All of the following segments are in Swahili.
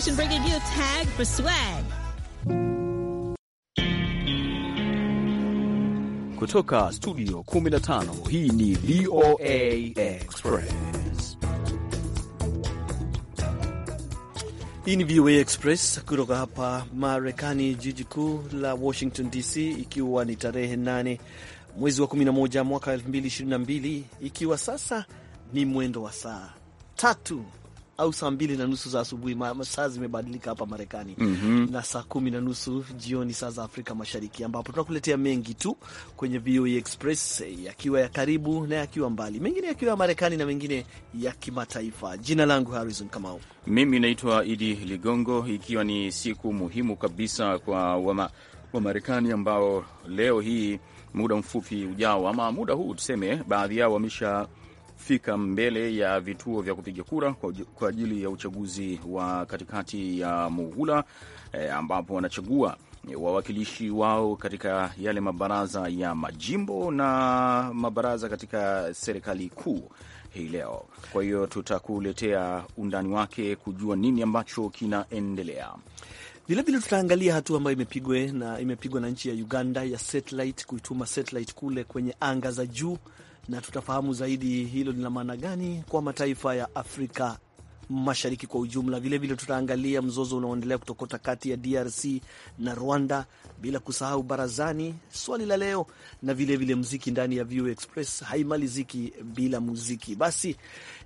station bringing you Tag for Swag kutoka studio 15. Hii ni VOA Express. Hii ni VOA Express kutoka hapa Marekani, jiji kuu la Washington DC, ikiwa ni tarehe 8 mwezi wa 11 mwaka 2022, ikiwa sasa ni mwendo wa saa tatu au saa mbili na nusu za asubuhi. Saa zimebadilika hapa Marekani mm -hmm. na saa kumi na nusu jioni saa za Afrika Mashariki, ambapo tunakuletea mengi tu kwenye VOA e Express, yakiwa ya karibu na yakiwa mbali, mengine yakiwa ya Marekani na mengine ya kimataifa. Jina langu Harrison Kamau, mimi naitwa Idi Ligongo, ikiwa ni siku muhimu kabisa kwa wama wa Marekani ambao leo hii muda mfupi ujao ama muda huu tuseme, baadhi yao wamesha kufika mbele ya vituo vya kupiga kura kwa ajili ya uchaguzi wa katikati ya muhula e, ambapo wanachagua wawakilishi wao katika yale mabaraza ya majimbo na mabaraza katika serikali kuu hii leo. Kwa hiyo tutakuletea undani wake kujua nini ambacho kinaendelea. Vilevile tutaangalia hatua ambayo imepigwa na imepigwa na nchi ya Uganda ya satellite, kuituma satellite kule kwenye anga za juu na tutafahamu zaidi hilo lina maana gani kwa mataifa ya Afrika Mashariki kwa ujumla. Vilevile tutaangalia mzozo unaoendelea kutokota kati ya DRC na Rwanda, bila kusahau barazani, swali la leo na vilevile vile Ndani ya VOA Express haimaliziki bila muziki. Basi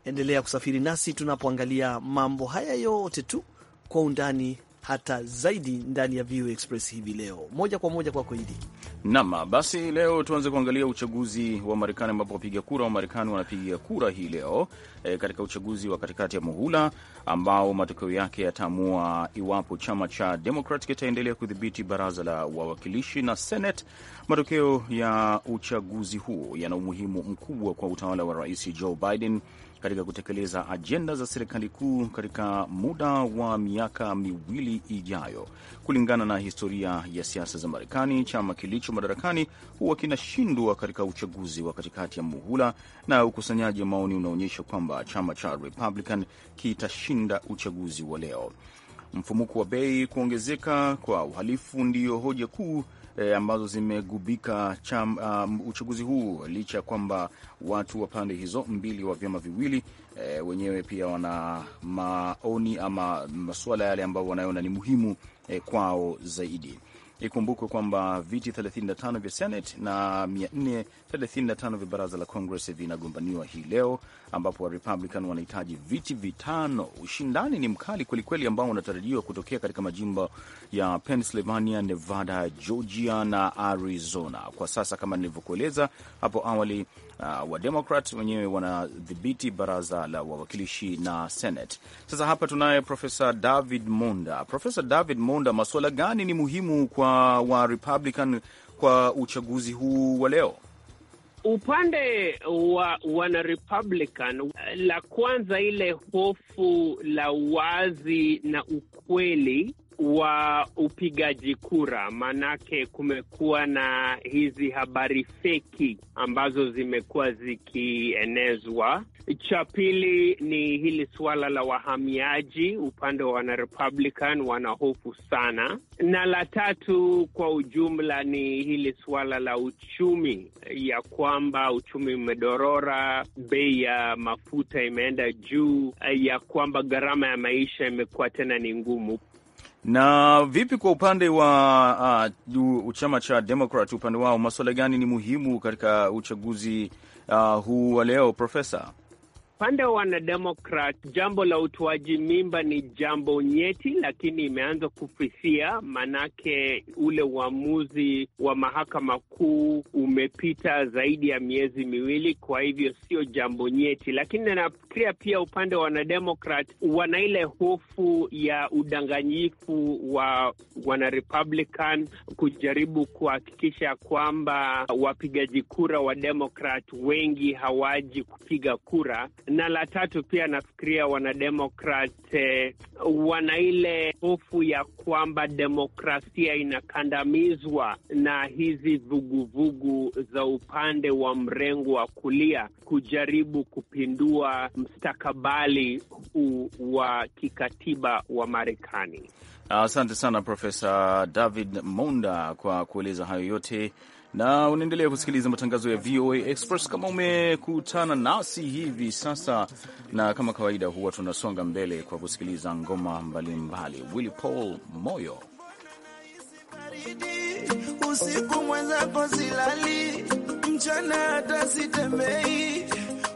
endelea kusafiri nasi tunapoangalia mambo haya yote tu kwa undani hata zaidi ndani ya VOA Express hivi leo. Moja kwa moja kwako Idi. Naam, basi leo tuanze kuangalia uchaguzi wa Marekani ambapo wapiga kura wa Marekani wanapiga kura hii leo e, katika uchaguzi wa katikati ya muhula ambao matokeo yake yataamua iwapo chama cha demokrat kitaendelea kudhibiti baraza la wawakilishi na Senate. Matokeo ya uchaguzi huo yana umuhimu mkubwa kwa utawala wa Rais Joe Biden katika kutekeleza ajenda za serikali kuu katika muda wa miaka miwili ijayo. Kulingana na historia ya siasa za Marekani, chama kilicho madarakani huwa kinashindwa katika uchaguzi wa katikati ya muhula, na ukusanyaji wa maoni unaonyesha kwamba chama cha Republican kitashinda uchaguzi wa leo. Mfumuko wa bei, kuongezeka kwa uhalifu ndiyo hoja kuu e, ambazo zimegubika cham, um, uchaguzi huu licha ya kwamba watu wa pande hizo mbili wa vyama viwili e, wenyewe pia wana maoni ama masuala yale ambayo wanayoona ni muhimu e, kwao zaidi. Ikumbukwe kwamba viti 35 vya Senate na 435 vya baraza la Congress vinagombaniwa hii leo, ambapo Warepublican wanahitaji viti vitano. Ushindani ni mkali kwelikweli, ambao unatarajiwa kutokea katika majimbo ya Pennsylvania, Nevada, Georgia na Arizona. Kwa sasa kama nilivyokueleza hapo awali, Uh, ah, Wademokrat wenyewe wanadhibiti baraza la wawakilishi na Senate. Sasa hapa tunaye Profesa David Monda. Profesa David Monda, masuala gani ni muhimu kwa wa Republican kwa uchaguzi huu wa leo? Upande wa wana Republican, la kwanza ile hofu la wazi na ukweli wa upigaji kura, maanake kumekuwa na hizi habari feki ambazo zimekuwa zikienezwa. Cha pili ni hili suala la wahamiaji, upande wa wanarepublican wanahofu sana, na la tatu kwa ujumla ni hili suala la uchumi, ya kwamba uchumi umedorora, bei ya mafuta imeenda juu, ya kwamba gharama ya maisha imekuwa tena ni ngumu. Na vipi kwa upande wa uh, chama cha demokrat upande wao maswala gani ni muhimu katika uchaguzi uh, huu wa leo, Profesa? Upande wa wanademokrat, jambo la utoaji mimba ni jambo nyeti, lakini imeanza kufisia, manake ule uamuzi wa mahakama kuu umepita zaidi ya miezi miwili, kwa hivyo sio jambo nyeti. Lakini nafikiria pia upande wa wanademokrat wana ile hofu ya udanganyifu wa wanarepublican kujaribu kuhakikisha kwamba wapigaji kura wa demokrat wengi hawaji kupiga kura na la tatu pia nafikiria wanademokrat eh, wana ile hofu ya kwamba demokrasia inakandamizwa na hizi vuguvugu za upande wa mrengo wa kulia kujaribu kupindua mstakabali huu wa kikatiba wa Marekani. Asante sana Profesa David Monda kwa kueleza hayo yote na unaendelea kusikiliza matangazo ya VOA Express. Kama umekutana nasi hivi sasa, na kama kawaida, huwa tunasonga mbele kwa kusikiliza ngoma mbalimbali. Willy Paul moyo usiku mwenzako silali, mchana hata sitembei.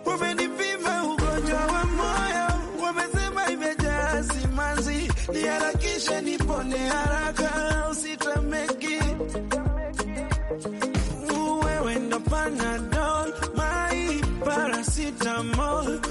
Wamenipima ugonjwa wa moyo, wamesema imejaa simanzi, niharakishe nipone haraka Wewe ndo panadol, my paracetamol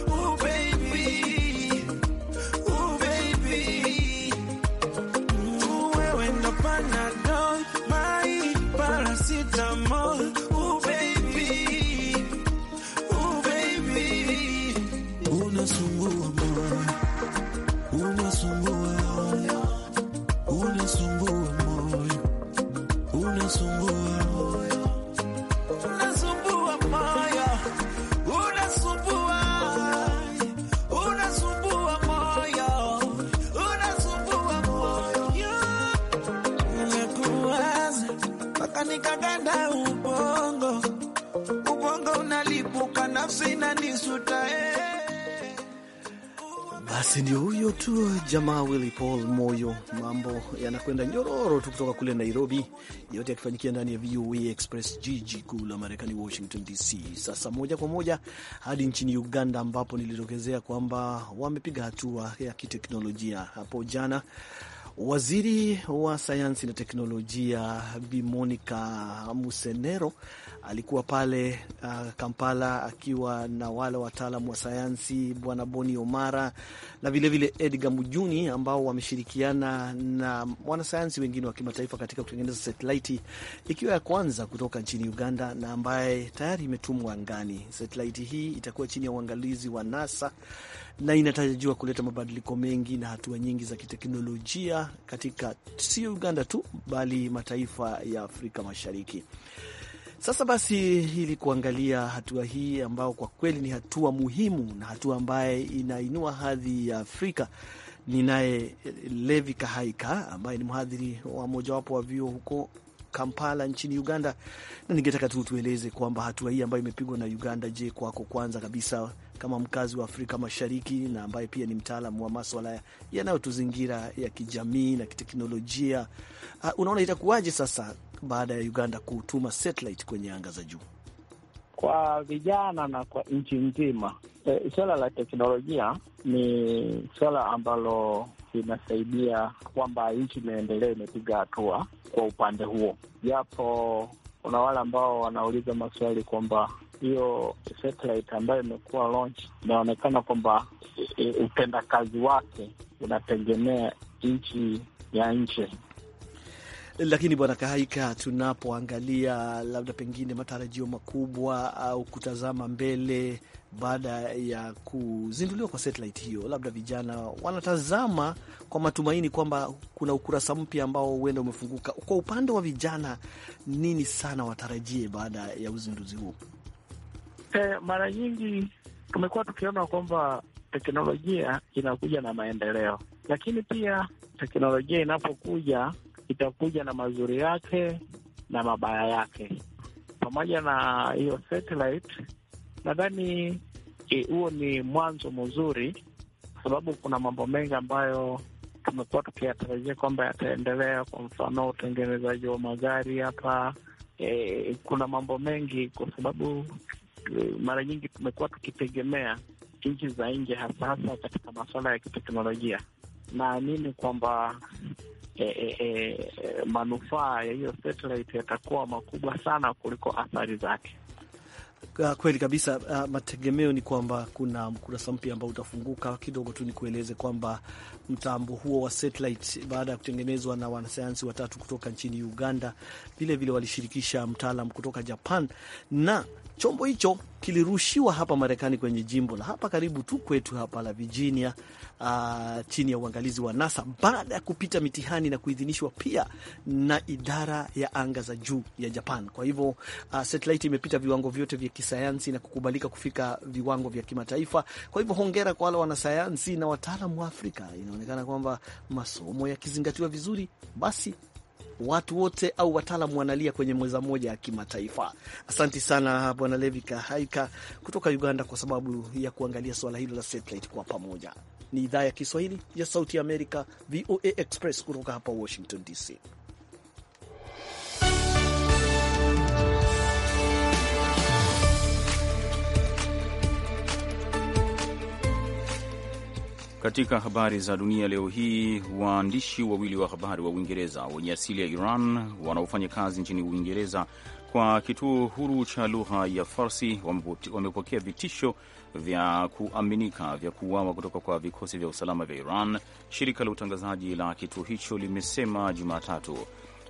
Eh. Basi ndio huyo tu jamaa Willy Paul Moyo, mambo yanakwenda nyororo tu kutoka kule Nairobi, yote yakifanyikia ndani ya VOA Express, jiji kuu la Marekani, Washington DC. Sasa moja kwa moja hadi nchini Uganda, ambapo nilitokezea kwamba wamepiga hatua ya kiteknolojia hapo jana Waziri wa sayansi na teknolojia Bi Monica Musenero alikuwa pale uh, Kampala akiwa na wale wataalamu wa sayansi Bwana Boni Omara na vilevile Edgar Mujuni ambao wameshirikiana na wanasayansi wengine wa kimataifa katika kutengeneza satelaiti ikiwa ya kwanza kutoka nchini Uganda na ambaye tayari imetumwa angani. Satelaiti hii itakuwa chini ya uangalizi wa NASA na inatarajiwa kuleta mabadiliko mengi na hatua nyingi za kiteknolojia katika sio Uganda tu bali mataifa ya Afrika Mashariki. Sasa basi, ili kuangalia hatua hii ambayo kwa kweli ni hatua muhimu na hatua ambaye inainua hadhi ya Afrika, ninaye Levi Kahaika ambaye ni mhadhiri wa mojawapo wa vyuo huko Kampala nchini Uganda, na ningetaka tu tueleze kwamba hatua hii ambayo imepigwa na Uganda, je, kwako kwanza kabisa kama mkazi wa Afrika Mashariki na ambaye pia ni mtaalamu wa maswala yanayotuzingira ya kijamii na kiteknolojia, uh, unaona itakuwaje sasa baada ya Uganda kutuma satellite kwenye anga za juu kwa vijana na kwa nchi nzima? E, suala la teknolojia ni suala ambalo linasaidia kwamba nchi imeendelea, imepiga hatua kwa upande huo, japo kuna wale ambao wanauliza maswali kwamba hiyo satellite ambayo imekuwa launch inaonekana kwamba e, e, utendakazi wake unategemea nchi ya nje. Lakini Bwana Kahaika, tunapoangalia labda pengine matarajio makubwa au kutazama mbele baada ya kuzinduliwa kwa satellite hiyo, labda vijana wanatazama kwa matumaini kwamba kuna ukurasa mpya ambao huenda umefunguka. Kwa upande wa vijana, nini sana watarajie baada ya uzinduzi huo? Eh, mara nyingi tumekuwa tukiona kwamba teknolojia inakuja na maendeleo, lakini pia teknolojia inapokuja itakuja na mazuri yake na mabaya yake. Pamoja na hiyo satellite, nadhani eh, huo ni mwanzo mzuri, kwa sababu kuna mambo mengi ambayo tumekuwa tukiyatarajia kwamba yataendelea. Kwa mfano utengenezaji wa magari hapa, e, kuna mambo mengi, kwa sababu mara nyingi tumekuwa tukitegemea nchi za nje, hasa hasa katika masuala ya kiteknolojia. Naamini kwamba e, e, e, manufaa ya hiyo satellite yatakuwa makubwa sana kuliko athari zake. Ah, kweli kabisa. Uh, mategemeo ni kwamba kuna mkurasa mpya ambao utafunguka. Kidogo tu nikueleze kwamba mtambo huo wa satellite baada ya kutengenezwa na wanasayansi watatu kutoka nchini Uganda, vilevile walishirikisha mtaalam kutoka Japan na chombo hicho kilirushiwa hapa Marekani kwenye jimbo la hapa karibu tu kwetu hapa la Virginia, uh, chini ya uangalizi wa NASA baada ya kupita mitihani na kuidhinishwa pia na idara ya anga za juu ya Japan. Kwa hivyo uh, satellite imepita viwango vyote vya kisayansi na kukubalika kufika viwango vya kimataifa. Kwa hivyo hongera kwa wale wanasayansi na wataalamu wa Afrika. Inaonekana kwamba masomo yakizingatiwa vizuri, basi watu wote au wataalam wanalia kwenye meza moja ya kimataifa. Asanti sana Bwana Levi Kahaika kutoka Uganda kwa sababu ya kuangalia suala hilo la satellite kwa pamoja. Ni idhaa ya Kiswahili ya Sauti ya Amerika, VOA Express kutoka hapa Washington DC. Katika habari za dunia leo hii, waandishi wawili wa habari wa Uingereza wenye asili ya Iran wanaofanya kazi nchini Uingereza kwa kituo huru cha lugha ya Farsi wamepokea vitisho vya kuaminika vya kuuawa kutoka kwa vikosi vya usalama vya Iran, shirika la utangazaji la kituo hicho limesema Jumatatu.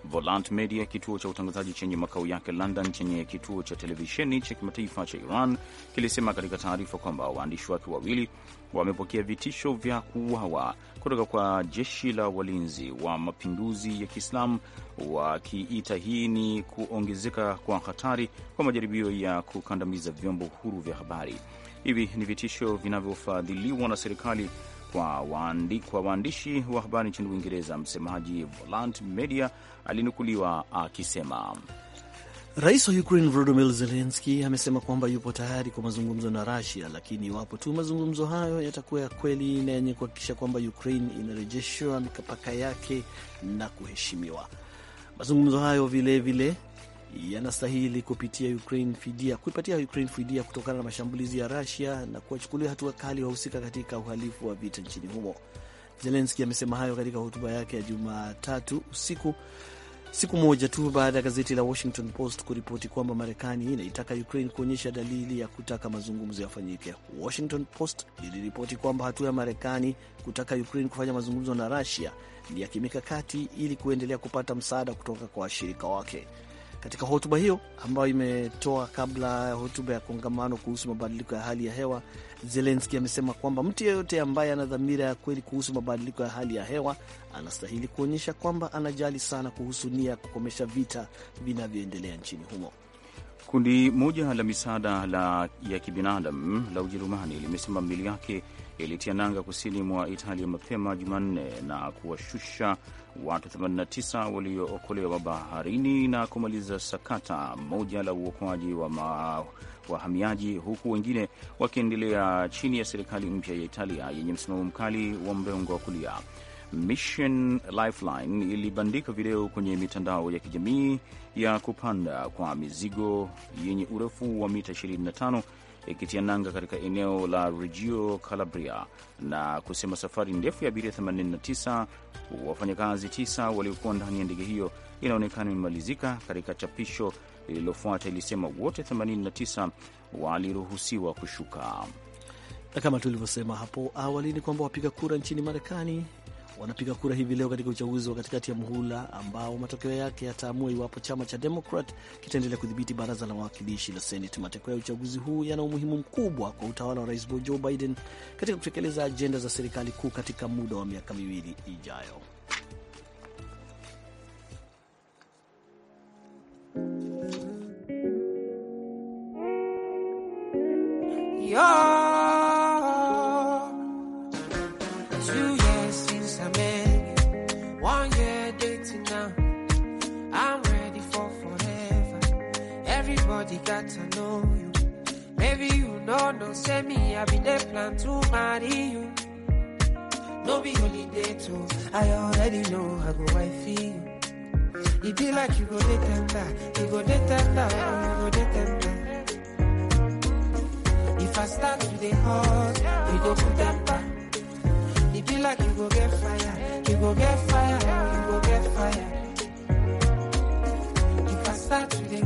Volant Media, kituo cha utangazaji chenye makao yake London, chenye kituo cha televisheni cha kimataifa cha Iran, kilisema katika taarifa kwamba waandishi wake wawili wamepokea vitisho vya kuuawa kutoka kwa jeshi la walinzi wa mapinduzi ya Kiislamu, wakiita hii ni kuongezeka kwa hatari kwa majaribio ya kukandamiza vyombo huru vya habari. Hivi ni vitisho vinavyofadhiliwa na serikali kwa waandi, kwa waandishi wa habari nchini Uingereza. Msemaji Volant Media alinukuliwa akisema Rais wa Ukraine Volodymyr zelenski amesema kwamba yupo tayari kwa mazungumzo na Russia, lakini iwapo tu mazungumzo hayo yatakuwa ya kweli na yenye kuhakikisha kwamba Ukraine inarejeshwa mipaka yake na kuheshimiwa. Mazungumzo hayo vilevile yanastahili kupitia Ukraine fidia, kuipatia Ukraine fidia kutokana na mashambulizi ya Russia na kuwachukulia hatua kali wahusika katika uhalifu wa vita nchini humo. zelenski amesema hayo katika hotuba yake ya Jumatatu usiku siku moja tu baada ya gazeti la Washington Post kuripoti kwamba Marekani inaitaka Ukraine kuonyesha dalili ya kutaka mazungumzo yafanyike. Washington Post iliripoti kwamba hatua ya Marekani kutaka Ukraine kufanya mazungumzo na Russia ni ya kimikakati ili kuendelea kupata msaada kutoka kwa washirika wake. Katika hotuba hiyo ambayo imetoa kabla ya hotuba ya kongamano kuhusu mabadiliko ya hali ya hewa, Zelenski amesema kwamba mtu yeyote ambaye ana dhamira ya kweli kuhusu mabadiliko ya hali ya hewa anastahili kuonyesha kwamba anajali sana kuhusu nia ya kukomesha vita vinavyoendelea nchini humo. Kundi moja la misaada la ya kibinadamu la Ujerumani limesema meli yake ilitia nanga kusini mwa Italia mapema Jumanne na kuwashusha watu 89 waliookolewa baharini na kumaliza sakata moja la uokoaji wa wahamiaji, huku wengine wakiendelea chini ya serikali mpya ya Italia yenye msimamo mkali wa mrengo wa kulia. Mission Lifeline ilibandika video kwenye mitandao ya kijamii ya kupanda kwa mizigo yenye urefu wa mita 25 ikitia nanga katika eneo la Reggio Calabria na kusema safari ndefu ya abiria 89 wafanyakazi 9 waliokuwa ndani ya ndege hiyo inaonekana imemalizika. Katika chapisho lililofuata ilisema wote 89 waliruhusiwa kushuka. Na kama tulivyosema hapo awali ni kwamba wapiga kura nchini Marekani wanapiga kura hivi leo katika uchaguzi wa katikati ya muhula ambao matokeo yake yataamua iwapo chama cha Demokrat kitaendelea kudhibiti baraza la wawakilishi la Senate. Matokeo ya uchaguzi huu yana umuhimu mkubwa kwa utawala wa Rais Joe Biden katika kutekeleza ajenda za serikali kuu katika muda wa miaka miwili ijayo. Yeah. everybody got to know you. Maybe you know, no, say me, I be there, plan to marry you. No be only day too, I already know I go wife you. It be like you go dey tender, you go dey tender, you go dey tender. If I start to the hot, you go put temper. It be like you go get fire, you go get fire, you go get fire. If I start to dey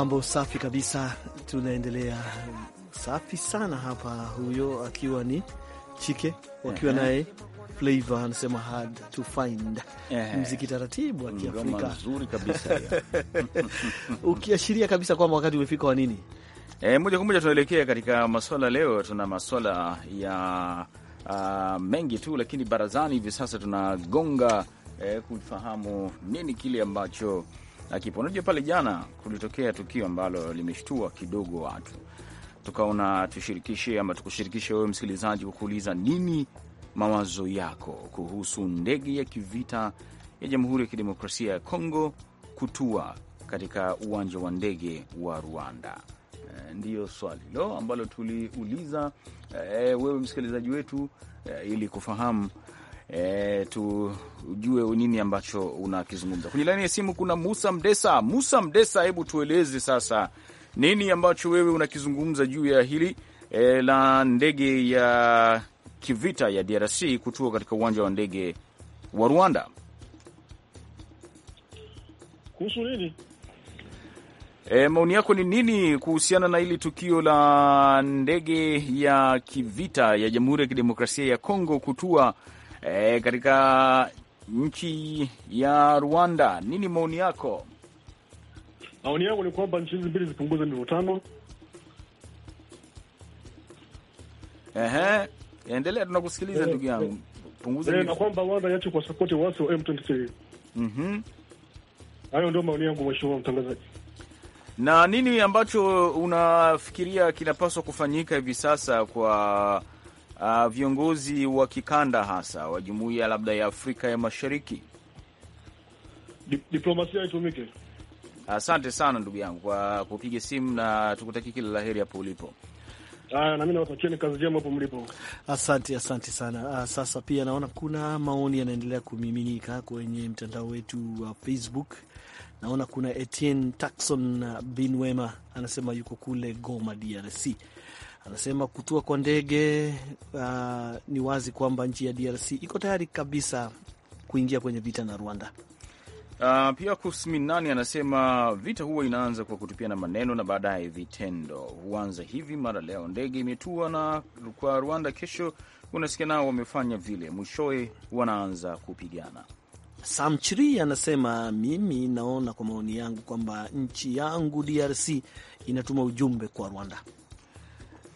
Mambo safi kabisa, tunaendelea safi sana hapa. Huyo akiwa ni Chike wakiwa naye Flavor anasema hard to find mziki taratibu wa Kiafrika mzuri kabisa ukiashiria kabisa kwamba wakati umefika wa nini. E, moja kwa moja tunaelekea katika maswala leo. Tuna maswala ya uh, mengi tu, lakini barazani hivi sasa tunagonga eh, kufahamu nini kile ambacho akipo. Unajua, pale jana kulitokea tukio ambalo limeshtua kidogo watu, tukaona tushirikishe ama tukushirikishe wewe msikilizaji, kwa kuuliza nini mawazo yako kuhusu ndege ya kivita ya Jamhuri ya Kidemokrasia ya Kongo kutua katika uwanja wa ndege wa Rwanda. E, ndiyo swali lo ambalo tuliuliza e, wewe msikilizaji wetu e, ili kufahamu e, tujue nini ambacho unakizungumza. Kwenye laini ya simu kuna Musa Mdesa. Musa Mdesa, hebu tueleze sasa nini ambacho wewe unakizungumza juu ya hili e, la ndege ya kivita ya DRC kutua katika uwanja wa ndege wa Rwanda. Kuhusu nini? E, maoni yako ni nini kuhusiana na hili tukio la ndege ya kivita ya Jamhuri ya Kidemokrasia ya Kongo kutua e, katika nchi ya Rwanda. Nini maoni yako? Maoni yangu ni kwamba nchi hizi mbili zipunguze mivutano. Ehe, endelea, tunakusikiliza ndugu eh, yangu. Punguza eh, na kwamba Rwanda iache kwa support wasi wa M23. Mhm, hayo ndio maoni yangu, mheshimiwa mtangazaji. Na nini ambacho unafikiria kinapaswa kufanyika hivi sasa kwa uh, viongozi wa kikanda hasa wa jumuiya labda ya Afrika ya Mashariki? Diplomasia itumike. Asante sana ndugu yangu kwa kupiga simu na tukutakia kila la heri hapo ulipo. Asante, asante sana. Ah, sasa pia naona kuna maoni yanaendelea kumiminika kwenye mtandao wetu wa Facebook. Naona kuna Etienne Takson ah, Binwema anasema yuko kule Goma, DRC. Anasema kutua kwa ndege uh, ni wazi kwamba nchi ya DRC iko tayari kabisa kuingia kwenye vita na Rwanda. Uh, pia Kusminani anasema vita huwa inaanza kwa kutupia na maneno na baadaye vitendo huanza hivi. Mara leo ndege imetua na kwa Rwanda, kesho unasikia nao wamefanya vile, mwishowe wanaanza kupigana. Samchiri anasema mimi naona kwa maoni yangu kwamba nchi yangu DRC inatuma ujumbe kwa Rwanda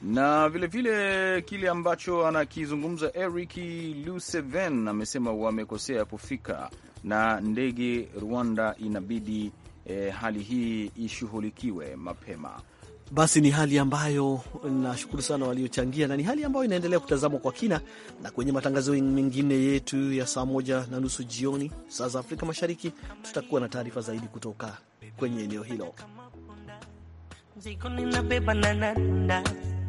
na vilevile vile kile ambacho anakizungumza Eric Luseven amesema wamekosea kufika na ndege Rwanda inabidi eh, hali hii ishughulikiwe mapema. Basi ni hali ambayo nashukuru sana waliochangia, na ni hali ambayo inaendelea kutazamwa kwa kina na kwenye matangazo mengine yetu ya saa moja na nusu jioni saa za Afrika Mashariki, tutakuwa na taarifa zaidi kutoka kwenye eneo hilo.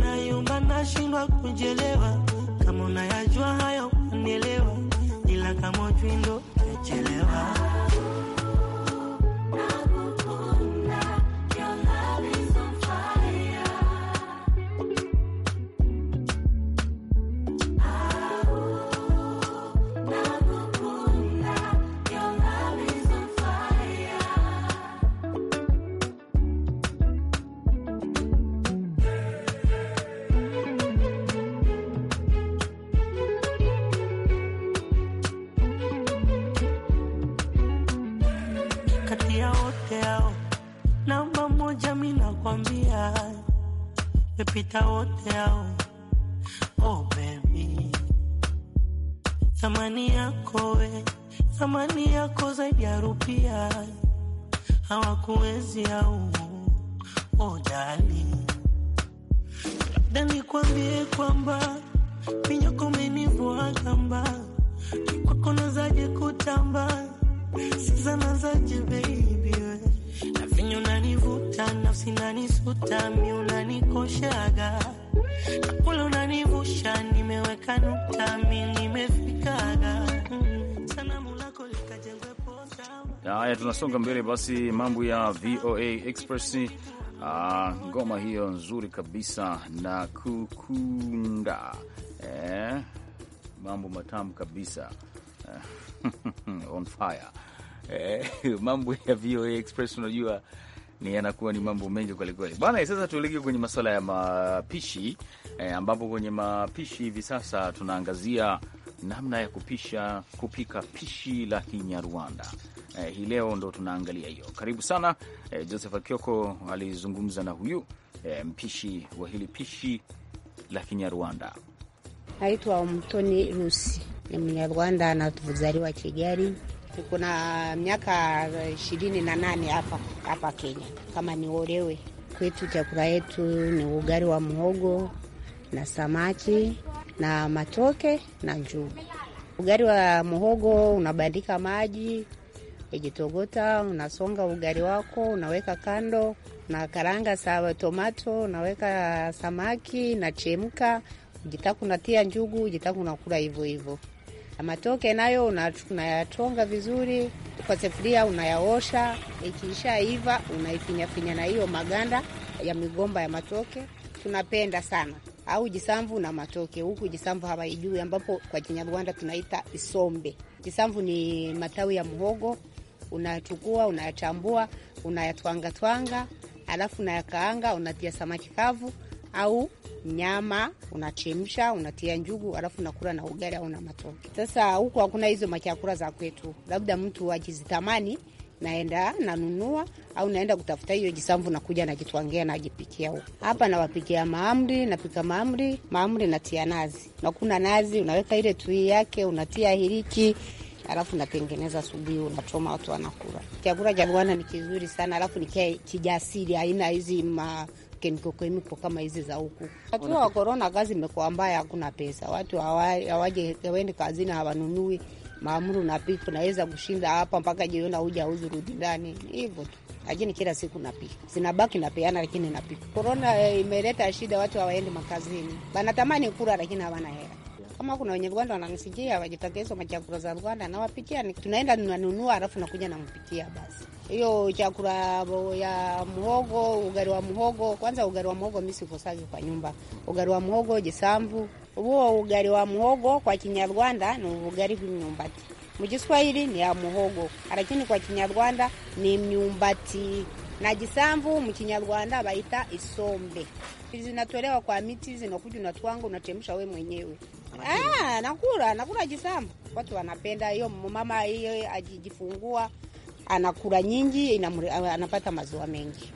nayumba, nashindwa kujielewa. Kama unayajua hayo, unielewa, ila kama ujui ndo tachelewa. kupita wote hao. Oh baby, thamani yako we, thamani yako zaidi ya rupia hawakuwezi au. Oh dali, labda nikwambie kwamba minyoko menivua kamba kwako nazaje kutamba sizana zaje bei Penye unanivuta nafsi nanisuta, mi unanikoshaga na kule unanivusha, nimeweka nukta, mi nimefikaga mm, Haya, tunasonga mbele basi, mambo ya VOA Express. Ah, ngoma hiyo nzuri kabisa na kukunda, eh, mambo matamu kabisa on fire eh, mambo ya VOA Express unajua ni yanakuwa ni mambo mengi kwelikweli bwana. Eh, sasa tuelekee kwenye masuala ya mapishi eh, ambapo kwenye mapishi hivi sasa tunaangazia namna ya kupisha kupika pishi la Kinyarwanda. Eh, hii leo ndo tunaangalia hiyo. Karibu sana eh, Joseph Akioko alizungumza na huyu eh, mpishi wa hili pishi la Kinyarwanda. Naitwa Mtoni Rusi, ni Mnyarwanda anatuzaliwa Kigali kuna miaka ishirini na nane hapa hapa Kenya. Kama niolewe kwetu, chakula yetu ni ugari wa mhogo na samaki na matoke na njugu. ugari wa mhogo unabandika maji ejitogota, unasonga ugari wako, unaweka kando na karanga sa tomato, unaweka samaki nachemka jitaku natia njugu, jitaku nakula hivyo hivyo. Matoke nayo unayatonga vizuri kwa sefuria, unayaosha. Ikishaiva unaifinyafinya na hiyo maganda ya migomba ya matoke. Tunapenda sana au jisamvu na matoke huku. Jisamvu hawaijui, ambapo kwa Kinyarwanda tunaita isombe. Jisamvu ni matawi ya mhogo, unayachukua unayachambua, unayatwangatwanga, alafu unayakaanga, unatia samaki kavu au nyama unachemsha, unatia njugu, alafu unakula na ugali au na matoke. Sasa huku hakuna hizo machakula za kwetu, labda mtu ajizitamani naenda nanunua au naenda kutafuta hiyo jisamvu, nakuja najitwangia najipikia huko. Hapa nawapikia maamri, napika maamri, maamri natia nazi, nakuna nazi, unaweka ile tui yake, unatia hiliki alafu natengeneza subuhi, unachoma, watu wanakula. Chakula cha Bwana ni kizuri sana, alafu ni kijasiri, haina hizi ma kemikokemiko kama hizi za huku. Hatua wa korona, kazi imekuwa mbaya, hakuna pesa, watu hawaje waende kazini, hawanunui maamuru napika, unaweza kushinda hapa mpaka jiona uja uzurudi ndani hivyo tu lakini kila siku napika, sinabaki napeana, lakini napika. Korona eh, imeleta shida, watu hawaendi makazini, wanatamani kula, lakini hawana hela. Kama kuna wenye Rwanda wananisikia, wajitokeze machakula za Rwanda nawapikia, tunaenda tunanunua, alafu nakuja nampikia basi hiyo chakula ya muhogo, ugali wa muhogo. Kwanza ugali wa muhogo mimi sikosagi kwa nyumba, ugali wa muhogo jisambu. Huo ugali wa muhogo kwa Kinyarwanda ni ugali w'imyumbati, mu Kiswahili ni ya muhogo, lakini kwa Kinyarwanda ni myumbati na jisambu mu Kinyarwanda baita isombe. Zinatolewa kwa miti, zinakuja na twangu, unachemsha we mwenyewe. Ah, nakula nakula jisambu, watu wanapenda hiyo. Mama hiyo ajijifungua anakula nyingi, anapata maziwa mengi.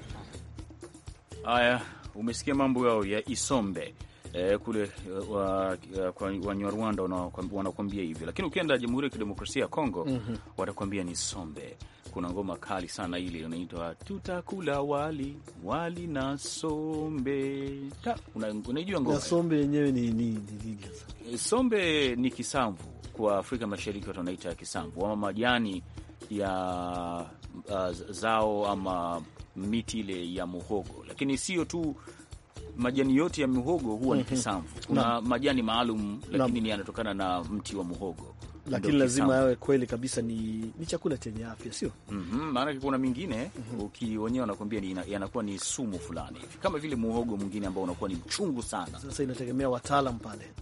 Haya, umesikia mambo yao ya Isombe eh, kule Wanyarwanda eh, wa, wa wanakuambia hivyo, lakini ukienda Jamhuri ya Kidemokrasia ya Kongo mm -hmm. watakuambia ni Sombe kuna ngoma kali sana ile inaitwa tutakula wali wali na sombe. Unaijua ngoma? sombe yenyewe ni nini? Eh, sombe ni kisamvu, kwa Afrika Mashariki watu wanaita kisamvu ama majani ya uh, zao ama miti ile ya muhogo, lakini sio tu majani yote ya muhogo huwa mm -hmm. ni mhm. kisamvu. Kuna na majani maalum, lakini yanatokana na mti wa muhogo lakini lazima yawe kweli kabisa ni, ni chakula chenye afya sio? mm -hmm, maanake kuna mingine mm -hmm. ukiwenyewe wanakuambia yanakuwa ni sumu fulani kama vile muhogo mwingine ambao unakuwa ni mchungu sana. Sasa inategemea wataalam pale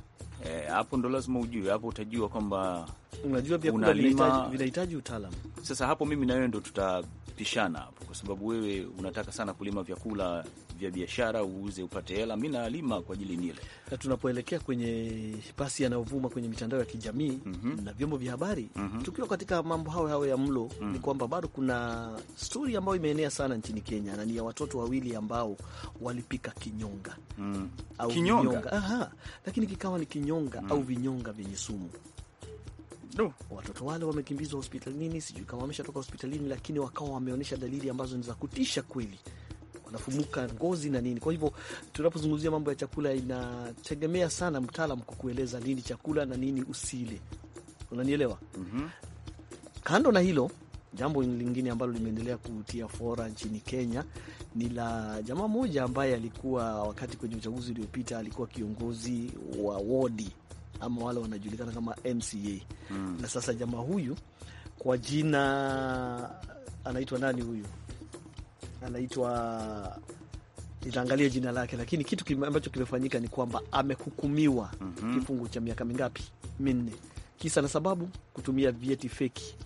e, hapo e, ndo lazima ujue hapo, utajua kwamba unajua pia kuna vinahitaji utaalam. Sasa hapo mimi na wewe ndo tutapishana hapo, kwa sababu wewe unataka sana kulima vyakula vya biashara, uuze upate hela. Mi naalima kwa ajili nile. Na tunapoelekea kwenye pasi yanayovuma kwenye mitandao ya kijamii mm -hmm. na vyombo vya habari mm -hmm. tukiwa katika mambo hayo hayo ya mlo mm -hmm. ni kwamba bado kuna stori ambayo imeenea sana nchini Kenya na ni ya watoto wawili ambao walipika kinyonga mm. au kinyonga. Aha, lakini kikawa ni kinyonga mm. au vinyonga vyenye sumu No. Watoto wale wamekimbizwa hospitalini, sijui kama wameshatoka hospitalini, lakini wakawa wameonyesha dalili ambazo ni za kutisha kweli, wanafumuka ngozi na nini. Kwa hivyo tunapozungumzia mambo ya chakula, inategemea sana mtaalam kukueleza nini chakula na nini usile, unanielewa? mm -hmm. Kando na hilo jambo lingine ambalo limeendelea kutia fora nchini Kenya ni la jamaa mmoja ambaye alikuwa wakati kwenye uchaguzi uliopita alikuwa kiongozi wa wodi ama wale wanajulikana kama MCA mm. Na sasa jamaa huyu kwa jina anaitwa nani huyu anaitwa nitaangalia jina lake, lakini kitu ambacho kimefanyika ni kwamba amehukumiwa mm -hmm. kifungo cha miaka mingapi? Minne. Kisa na sababu kutumia vyeti feki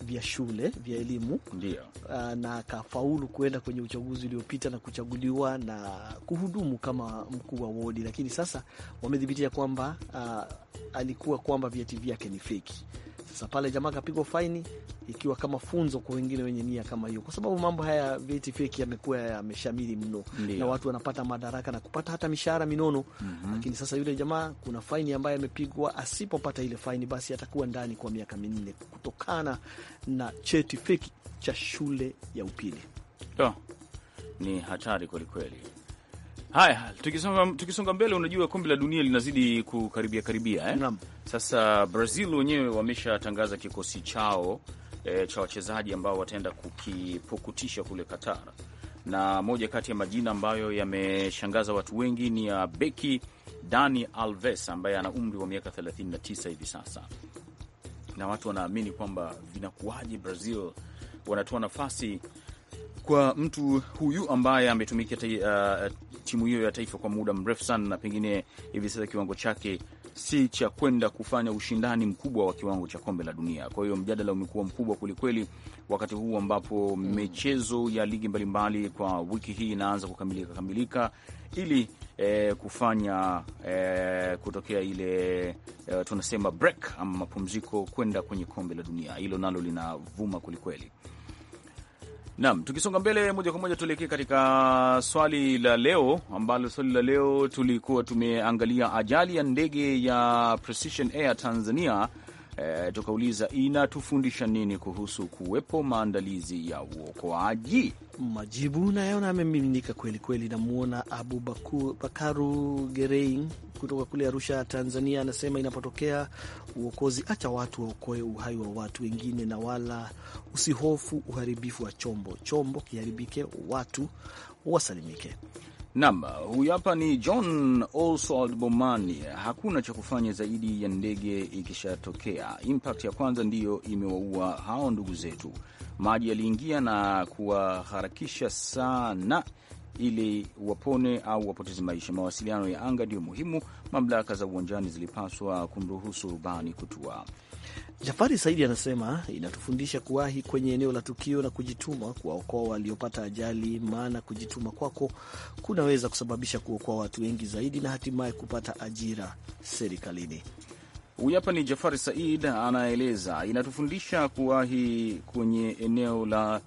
vya shule vya elimu uh, na akafaulu kuenda kwenye uchaguzi uliopita na kuchaguliwa na kuhudumu kama mkuu wa wodi, lakini sasa wamethibitisha kwamba ah, alikuwa kwamba vyeti vyake ni feki. Sasa pale jamaa kapigwa faini, ikiwa kama funzo kwa wengine wenye nia kama hiyo, kwa sababu mambo haya vyeti feki yamekuwa yameshamiri mno Ndiyo. na watu wanapata madaraka na kupata hata mishahara minono mm -hmm. Lakini sasa yule jamaa kuna faini ambaye amepigwa, asipopata ile faini basi atakuwa ndani kwa miaka minne kutokana na cheti feki cha shule ya upili. Oh, ni hatari kwelikweli. Haya, tukisonga, tukisonga mbele, unajua kombe la dunia linazidi kukaribia karibia eh? Sasa Brazil wenyewe wameshatangaza kikosi chao eh, cha wachezaji ambao wataenda kukipukutisha kule Qatar, na moja kati ya majina ambayo yameshangaza watu wengi ni ya beki Dani Alves ambaye ana umri wa miaka 39 hivi sasa, na watu wanaamini kwamba vinakuwaje Brazil wanatoa nafasi kwa mtu huyu ambaye ametumikia uh, timu hiyo ya taifa kwa muda mrefu sana, na pengine hivi sasa kiwango chake si cha kwenda kufanya ushindani mkubwa wa kiwango cha kombe la dunia. Kwa hiyo mjadala umekuwa mkubwa kwelikweli, wakati huu ambapo mm. michezo ya ligi mbalimbali kwa wiki hii inaanza kukamilika kamilika ili eh, kufanya eh, kutokea ile eh, tunasema break ama mapumziko kwenda kwenye kombe la dunia. Hilo nalo linavuma kwelikweli. Naam, tukisonga mbele moja kwa moja tuelekee katika swali la leo, ambalo swali la leo tulikuwa tumeangalia ajali ya ndege ya Precision Air Tanzania e, tukauliza inatufundisha nini kuhusu kuwepo maandalizi ya uokoaji? Majibu nayona amemiminika kweli kweli. Namwona Abu Baku, Bakaru Gerein kutoka kule Arusha, Tanzania, anasema inapotokea uokozi, acha watu waokoe uhai wa watu wengine, na wala usihofu uharibifu wa chombo. Chombo kiharibike, watu wasalimike. Nam, huyu hapa ni John Oswald Bomani. Hakuna cha kufanya zaidi ya ndege ikishatokea. Impact ya kwanza ndiyo imewaua hao ndugu zetu. Maji yaliingia na kuwaharakisha sana ili wapone au wapoteze maisha. Mawasiliano ya anga ndiyo muhimu. Mamlaka za uwanjani zilipaswa kumruhusu rubani kutua. Jafari Saidi anasema inatufundisha kuwahi kwenye eneo la tukio na kujituma kuwaokoa waliopata ajali, maana kujituma kwako kunaweza kusababisha kuokoa watu wengi zaidi na hatimaye kupata ajira serikalini. Huyu hapa ni Jafari Said anaeleza, inatufundisha kuwahi kwenye eneo la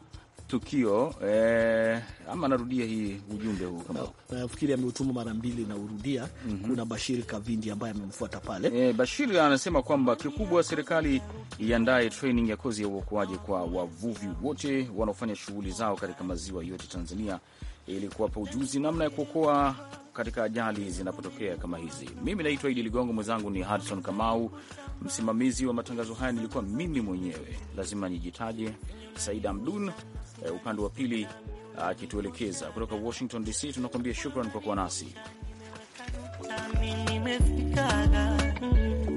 tukio eh, ama narudia hii ujumbe huu kama nafikiri ameutuma mara mbili na urudia. mm -hmm. Kuna Bashir Kavindi ambaye amemfuata pale. Eh, Bashir anasema kwamba kikubwa serikali iandae training ya kozi ya uokoaji kwa wavuvi wote wanaofanya shughuli zao katika maziwa yote Tanzania ili kuwapa ujuzi namna ya kuokoa katika ajali zinapotokea kama hizi. Mimi naitwa Idi Ligongo, mwenzangu ni Harrison Kamau, msimamizi wa matangazo haya nilikuwa mimi mwenyewe, lazima nijitaje, Saida Amdun e, upande wa pili ah, akituelekeza kutoka Washington DC. Tunakuambia shukran kwa kuwa nasi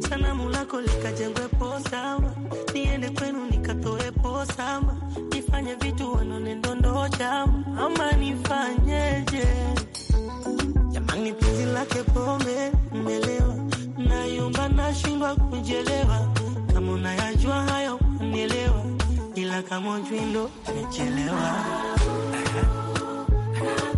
sanamu lako likajengwepo sawa, niende kwenu nikatoepo sama, nifanye vitu wanone ndondo chama, ama nifanyeje? Jamani, penzi lake pombe mmelewa, nayumba nashindwa kujelewa, kama unayajua hayo unielewa, ila kama jwindo nimechelewa